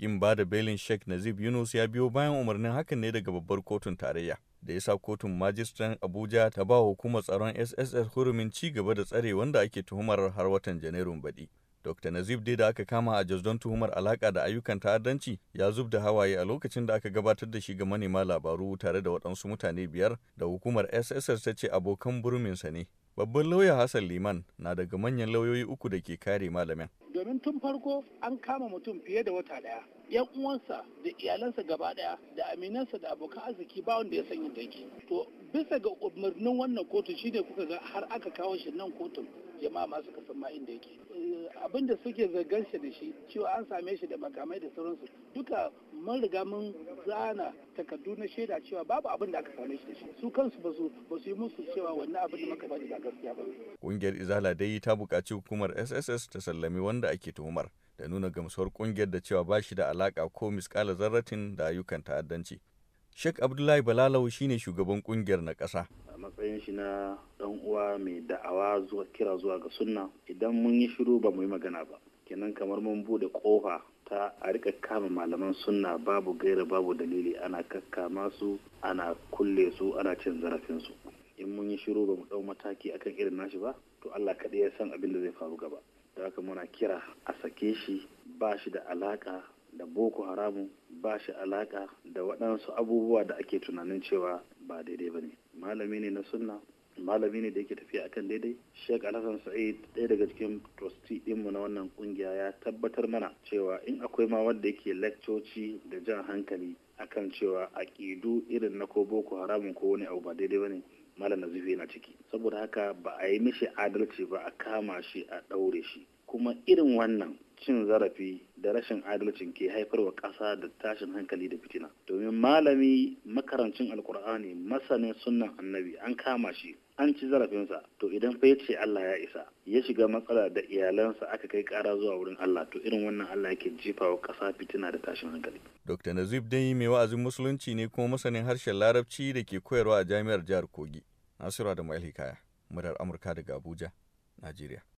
Kin ba da belin Sheikh Nazib Yunus ya biyo bayan umarnin hakan ne daga babbar kotun tarayya. da ya sa kotun majistan abuja ta ba hukumar tsaron sss hurumin ci gaba da tsare wanda ake tuhumar har watan janairun baɗi dr nazib dai da aka kama a jazdon tuhumar alaka da ayyukan ta'addanci ya zub da hawaye a lokacin da aka gabatar da shi ga manema labaru tare da waɗansu mutane biyar da hukumar sss ta ce abokan burminsa ne Babban lauya Hassan Liman na daga manyan lauyoyi uku da ke kare malamin. Domin tun farko an kama mutum fiye da wata daya. yan uwansa da iyalansa gaba daya da aminansa da abokan arziki ba wanda ya sanya da to bisa ga umarnin wannan kotun shine kuka ga har aka kawo shi nan kotun jama'a masu kafin ma inda yake eh, abin da suke zargan shi da shi cewa an same shi da makamai da sauransu duka mun riga mun zana takardu na shaida cewa babu abin da aka same shi da shi su kansu ba su yi musu cewa wanne abin da muka bani a gaskiya ba kungiyar izala dai ta buƙaci hukumar sss ta sallami wanda ake tuhumar da nuna gamsuwar kungiyar da cewa ba shi da alaka ko miskala zarratin da ayyukan ta'addanci Sheikh Abdullahi Balalau shine shugaban kungiyar na ƙasa. A matsayin shi na ɗan uwa mai da'awa zuwa kira zuwa ga sunna idan mun yi shiru ba mu yi magana ba. Kenan kamar mun bude ƙofa ta a rika kama malaman sunna babu gaira babu dalili ana kakkama su ana kulle su ana cin zarafin su. In mun yi shiru ba mu ɗau mataki akan irin nashi ba to Allah kaɗai ya san abin da zai faru gaba. Da haka muna kira a sake shi ba shi da alaƙa da boko haramu ba shi alaka da waɗansu abubuwa da ake tunanin cewa ba daidai ba ne malami ne na sunna malami ne da yake tafiya akan daidai sheik alhassan sa'id ɗaya daga cikin trusti ɗinmu na wannan ƙungiya ya tabbatar mana cewa in akwai ma wanda yake lakcoci da jan hankali akan cewa aƙidu irin na ko boko haramun ko wani abu ba daidai ba ne malam nazifi na ciki saboda haka ba a yi mishi adalci ba a kama shi a ɗaure shi kuma irin wannan cin zarafi da rashin adalcin ke haifarwa ƙasa da tashin hankali da fitina domin malami makarancin alkur'ani masanin sunnan annabi an kama shi an ci zarafinsa to idan fa ce Allah ya isa ya shiga matsala da iyalansa aka kai ƙara zuwa wurin Allah to irin wannan Allah yake jifawa ƙasa fitina da tashin hankali Dr. Nazib dai mai wa'azin musulunci ne kuma masanin harshen larabci da ke koyarwa a jami'ar jihar Kogi nasira da Mail Hikaya murar Amurka daga Abuja Najeriya